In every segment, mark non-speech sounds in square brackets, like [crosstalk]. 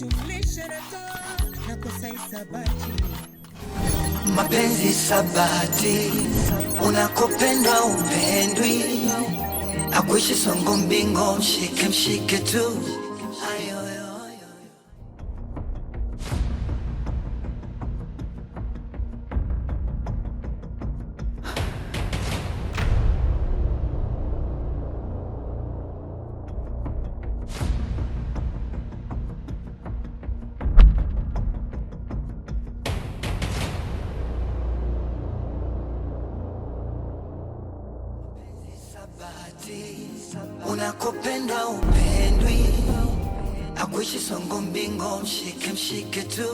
na toa na kosa Mapenzi sabati, unakopenda upendwi, akuishi songo mbingo, mshike mshike tu kupenda upendwi, akuishi songo mbingo, mshike mshike tu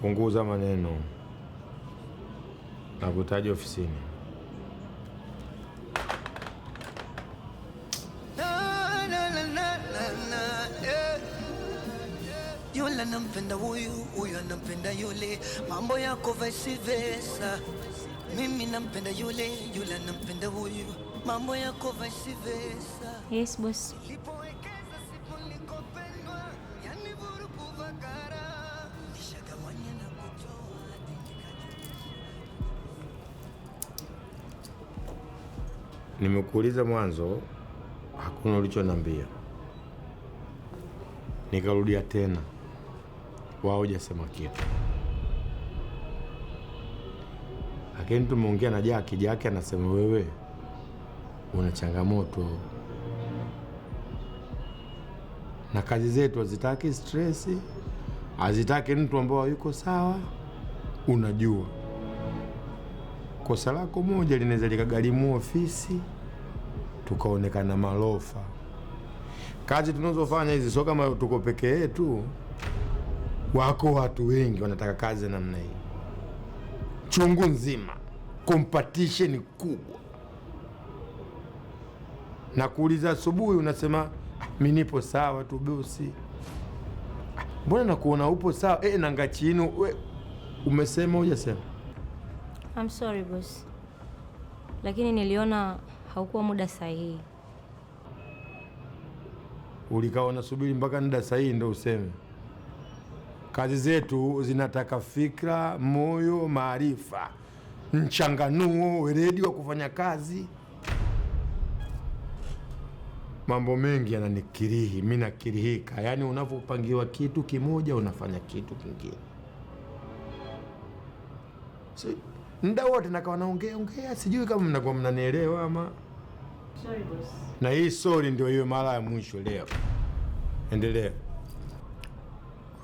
Punguza maneno, nakutaja ofisini. anampenda huyu, huyu anampenda yule, mambo yako vice versa. Mimi nampenda yule, yule anampenda huyu, mambo yako vice versa. Yes boss. Nimekuuliza mwanzo, hakuna ulichoniambia. Nikarudia tena wao hujasema kitu, lakini tumeongea na Jaki. Jaki anasema wewe una changamoto na kazi zetu hazitaki stress, hazitaki mtu ambao yuko sawa. Unajua kosa lako moja linaweza likagharimu ofisi, tukaonekana malofa. Kazi tunazofanya hizi sio kama tuko peke yetu. Wako watu wengi wanataka kazi namna hii chungu nzima, competition kubwa. Na kuuliza asubuhi, unasema ah, mi nipo sawa tu bosi, ah, mbona nakuona upo sawa e, eh, nanga we umesema hujasema? I'm sorry boss, lakini niliona haukuwa muda sahihi. Ulikaa unasubiri mpaka muda sahihi ndo useme? Kazi zetu zinataka fikra, moyo, maarifa, mchanganuo, weledi wa kufanya kazi. Mambo mengi yananikirihi mi, nakirihika. Yaani, unavyopangiwa kitu kimoja unafanya kitu kingine. So, muda wote nakawa naongea ongea, sijui kama mnakuwa mnanielewa ama. Sorry boss. Na hii sori ndio hiyo mara ya mwisho leo. Endelea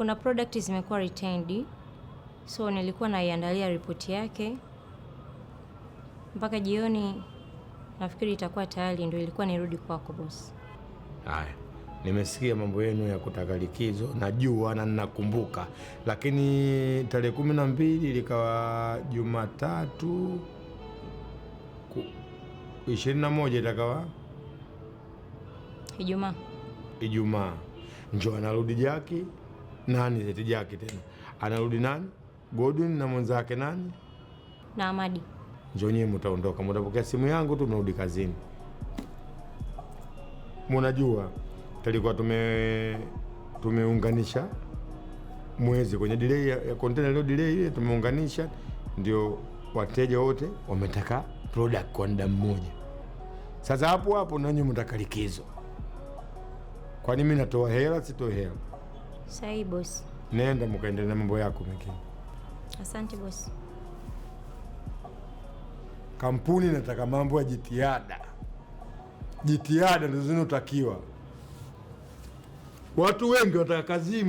kuna product zimekuwa retained, so nilikuwa naiandalia ripoti yake mpaka jioni, nafikiri itakuwa tayari, ndio ilikuwa nirudi kwako boss. Haya, nimesikia mambo yenu ya kutaka likizo, najua na ninakumbuka, lakini tarehe kumi na mbili likawa Jumatatu, ishirini na moja itakawa Ijumaa. Ijumaa njo anarudi Jaki nani zeti jake tena anarudi nani? Godwin na mwenzake nani na Amadi. Njoni mtaondoka, mtapokea simu yangu tu, mnarudi kazini. Mnajua tulikuwa tume tumeunganisha mwezi kwenye delay ya, ya container leo, delay ile tumeunganisha, ndio wateja wote wametaka product kwa muda mmoja. Sasa hapo hapo nanyi mtakalikizo, kwani mimi natoa hela? sitoa hela sahii bos Nenda mkaendelea na mambo yako mengine. Asante bosi. Kampuni nataka mambo ya jitihada, jitihada ndizo zinazotakiwa. Watu wengi wataka kazi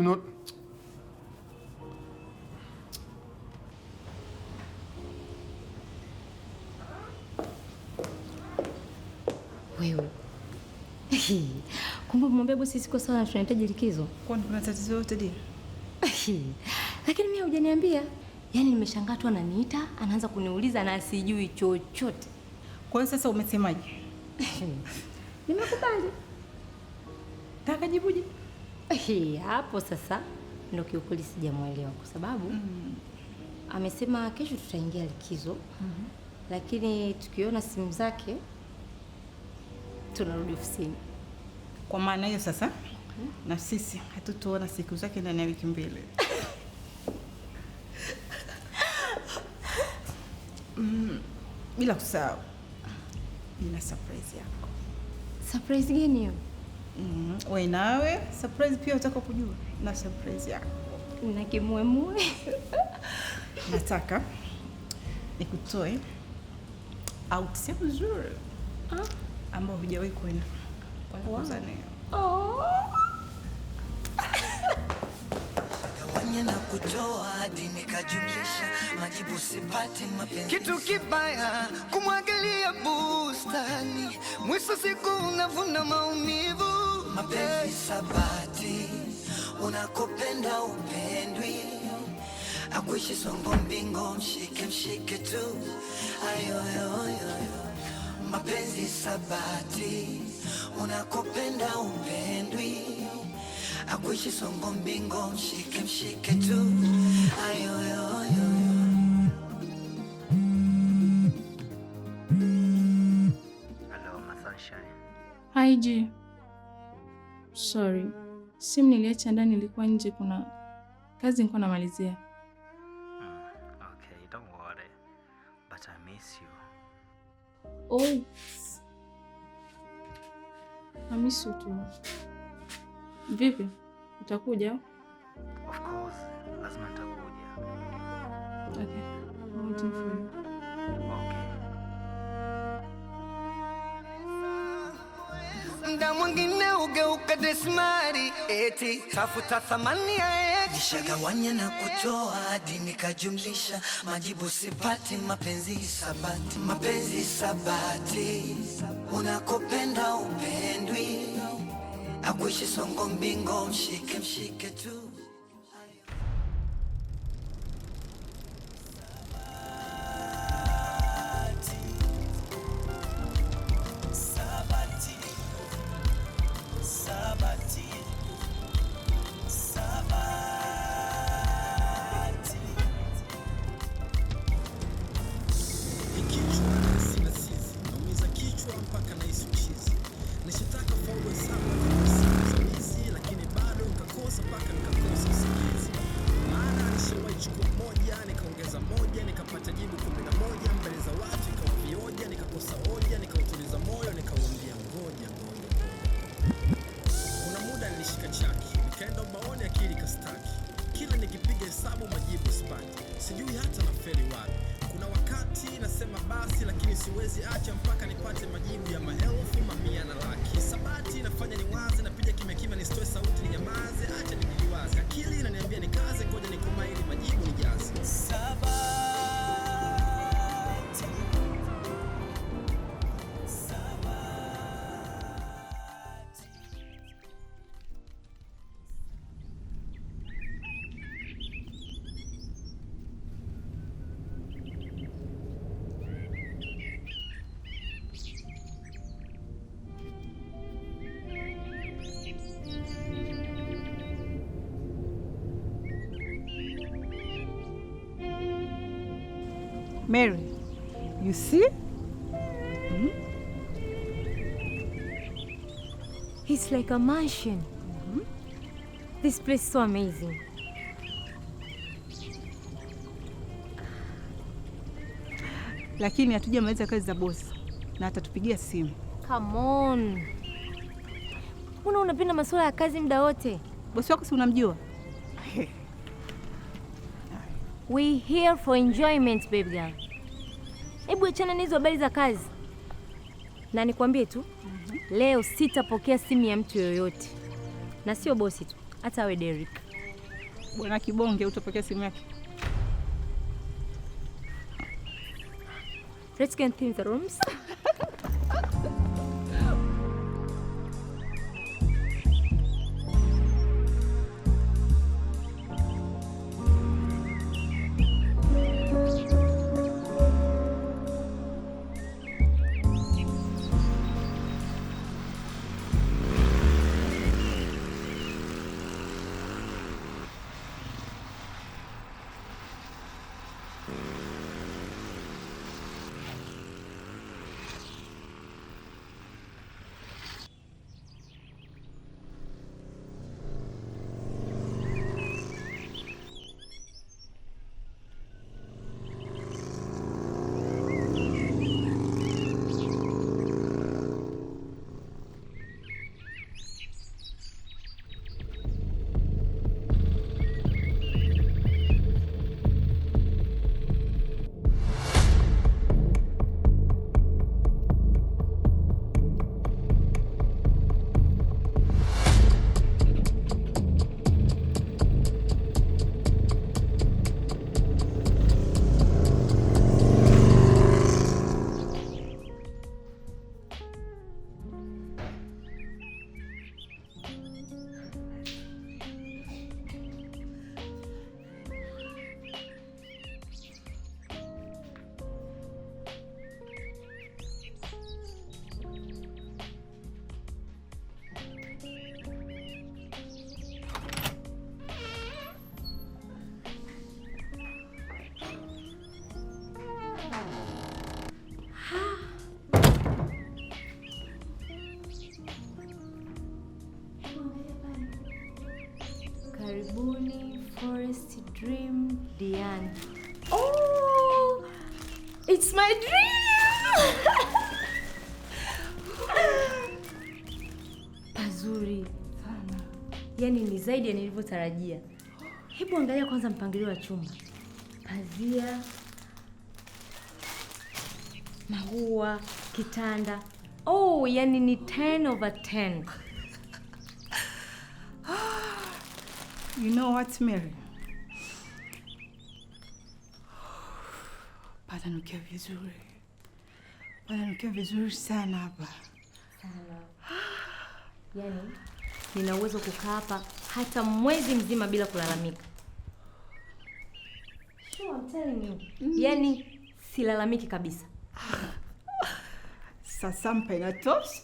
hebu bosi, siko sawa tunahitaji likizo. Kwani kuna tatizo yote dini? [laughs] Lakini mimi hujaniambia. Yaani nimeshangaa tu ananiita, anaanza kuniuliza na sijui chochote. Kwa hiyo sasa umesemaje? [laughs] Nimekubali. jibuje? Hapo sasa ndio kiukweli sijamuelewa kwa sababu mm. amesema kesho tutaingia likizo mm -hmm. Lakini tukiona simu zake tunarudi ofisini. Kwa maana hiyo sasa na sisi hatutuona siku zake ndani ya wiki mbili. Mm, bila kusahau nina surprise yako. Surprise gani hiyo? Mm, wewe nawe surprise pia utaka kujua na surprise yako na kimwemwe. [laughs] Nataka nikutoe au kusema uzuri ambao ah. hujawahi kwenda. Kitu kibaya kumwagilia bustani, mwisho siku unavuna maumivu. Mapenzi sabati, unakopenda upendwi, akuishi songo mbingo, mshike mshike tu, ayoyoyo. Mapenzi sabati unakupenda upendwi, akuishi songo mbingo, mshike mshike tu ayoyoyo Haiji. Sorry, simu niliacha ndani, nilikuwa nje, kuna kazi nilikuwa namalizia. Hmm, okay, don't worry. But I miss you. Oh. Hamisi tu. Vipi? Utakuja? Of course, lazima nitakuja. Okay. I'm waiting for you. Okay. Muda this mari eti tafuta thamani ya eti, nishagawanya na kutoa hadi nikajumlisha, majibu sipati. Mapenzi sabati, mapenzi sabati, unakopenda upendwi, akuishi songo mbingo, mshike mshike tu. Mary, you see? Hmm? It's like a mansion. Mm -hmm. This place is so amazing. Lakini hatujamaliza kazi za bosi na atatupigia simu. Come on. Mbona unapenda masuala ya kazi muda wote? Bosi wako si unamjua? We here for enjoyment baby girl. Hebu achana nizo habari za kazi, na nikwambie tu mm -hmm. Leo sitapokea simu ya mtu yoyote, na sio bosi tu, hata awe Derek. Bwana Kibonge utapokea simu yake. Let's get in the rooms. ulivyotarajia. Hebu angalia kwanza mpangilio wa chumba, pazia, maua, kitanda. Oh, yani ni 10 over 10. You know what, Mary? Patanukia vizuri, patanukia vizuri sana hapa sana. Yani nina uwezo kukaa hapa hata mwezi mzima bila kulalamika. Sure, I'm telling you. Mm. Yaani silalamiki kabisa. Ah. Sasa mpa inatosha.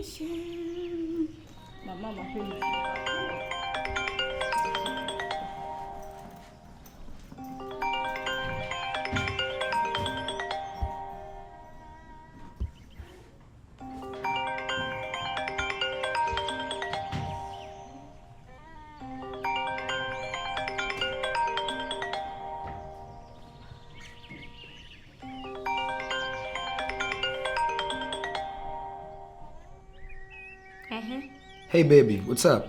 Dankeschön. Hey baby, what's up?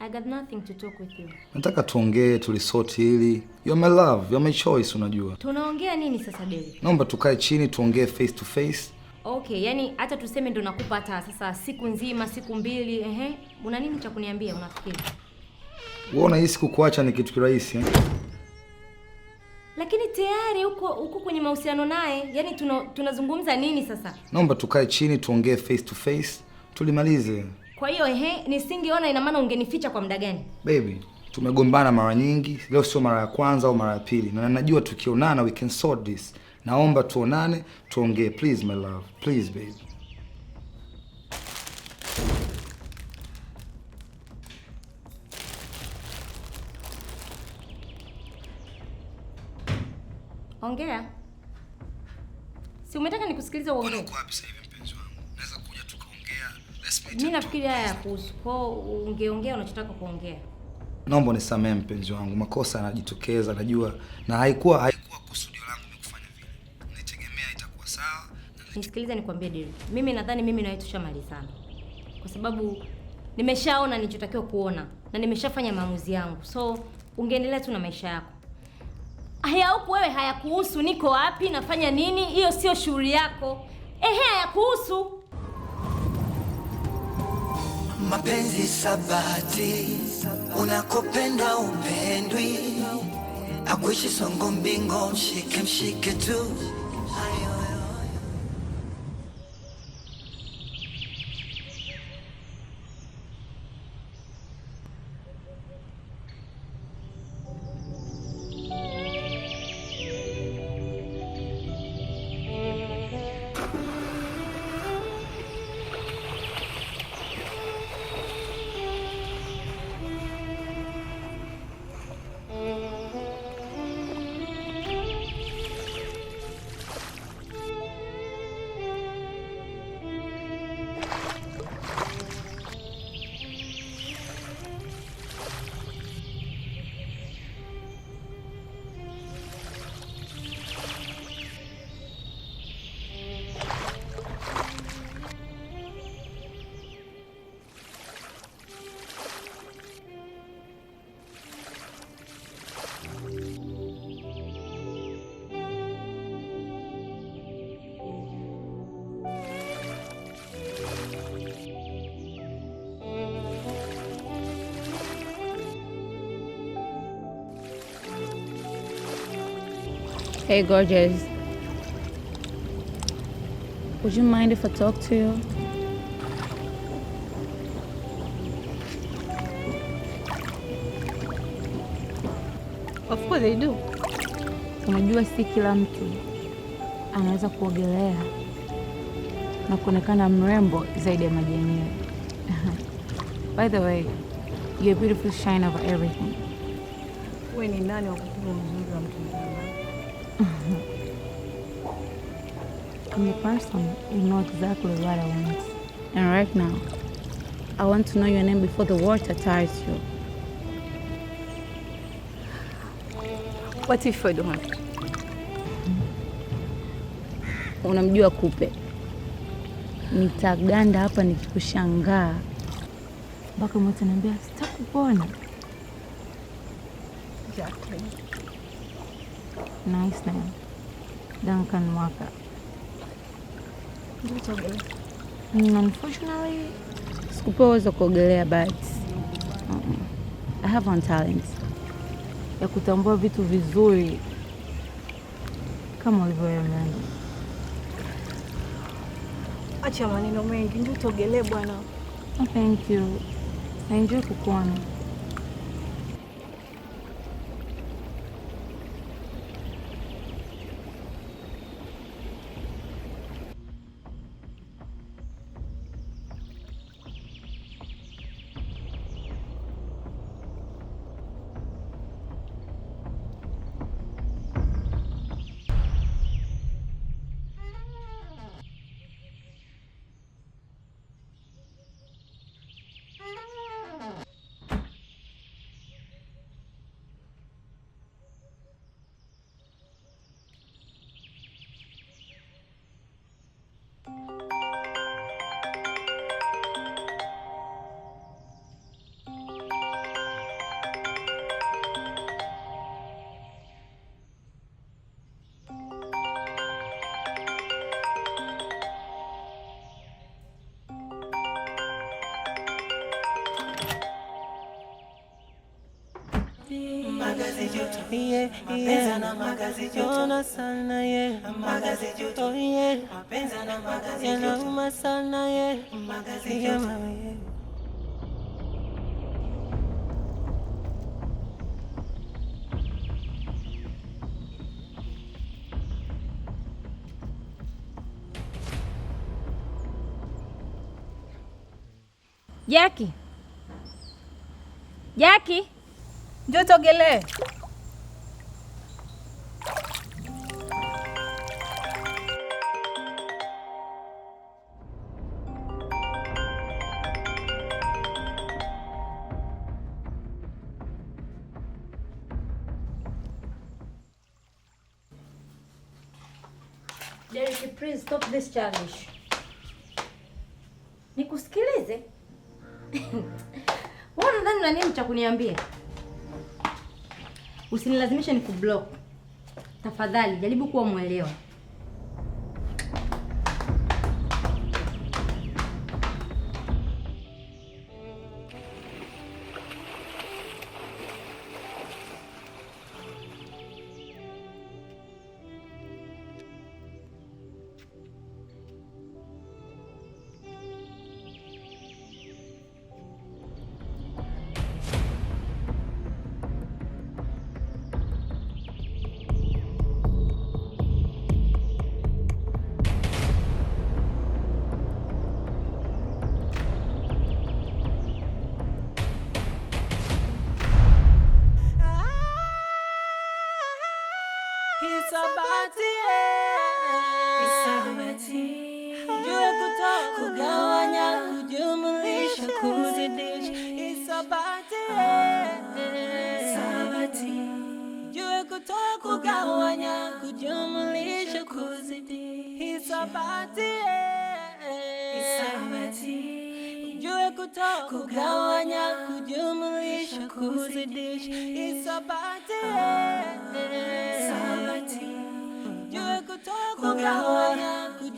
I got nothing to talk with you. Nataka tuongee tulisoti hili. You're my love, you're my choice unajua. Tunaongea nini sasa baby? Naomba tukae chini tuongee face to face. Okay, yani hata tuseme ndo nakupa hata sasa siku nzima, siku mbili, ehe. Una nini cha kuniambia unafikiri? Wewe unahisi kukuacha ni kitu kirahisi eh? Lakini tayari uko uko kwenye mahusiano naye, Yaani tunazungumza tuna nini sasa? Naomba tukae chini tuongee face to face, tulimalize. Kwa hiyo ehe, nisingeona ina maana ungenificha kwa muda gani? Baby, tumegombana mara nyingi, leo sio mara ya kwanza au mara ya pili, na najua tukionana we can sort this. Naomba tuonane tuongee, please my love, please baby. Ongea, si umetaka nikusikilize uongee? Mimi nafikiri haya yakuhusu. Kwa ungeongea unachotaka kuongea. Naomba nisamehe mpenzi wangu, makosa yanajitokeza, najua na haikuwa haikuwa kusudio langu kufanya vile. Nitegemea itakuwa sawa. Nisikilize nikwambie Dili. Mimi nadhani mimi na wewe tushamalizana. Kwa sababu nimeshaona nilichotakiwa kuona na nimeshafanya maamuzi yangu. So ungeendelea tu na maisha yako. Haya huku wewe hayakuhusu, niko wapi, nafanya nini, hiyo sio shughuli yako. Ehe, hayakuhusu. Mapenzi sabati, unakopenda upendwi, akuishi songo mbingo, mshike mshike tu Hey, gorgeous. Would you mind if I talk to you? Of course I do. Unajua, si kila mtu anaweza kuogelea na kuonekana mrembo zaidi ya maji yenyewe. [laughs] By the way, you're a beautiful shine of everything. Wewe ni nani wa kukuona? I'm a person you know exactly what I want. And right now, I want to know your name before the water tires you. What if I don't? Unamjua kupe, nitaganda hapa nikikushangaa mpaka mtaniambia sitakuona. Exactly. Nice na yan. Duncan Waka. Unfortunately, sikupewa kuogelea but I have one talent ya kutambua vitu vizuri kama ulivyo wewe Acha maneno mengi, ndio tuogelee bwana. Oh, thank you. I enjoy kukuona. Jackie. Jackie, magazi joto sana njoo tuogelee. Vishawishi nikusikilize. Wewe [laughs] unadhani na nini cha kuniambia? Usinilazimishe nikublock tafadhali, jaribu kuwa mwelewa. kugawanya, kujumlisha, kuzidisha, isabati sabati, jue kutoa, kugawanya, kujumlisha, kuzidisha, isabati isabati Jue kutoa, kugawanya, kujumlisha, kuzidisha, isabati sabati, jue kutoa, kugawanya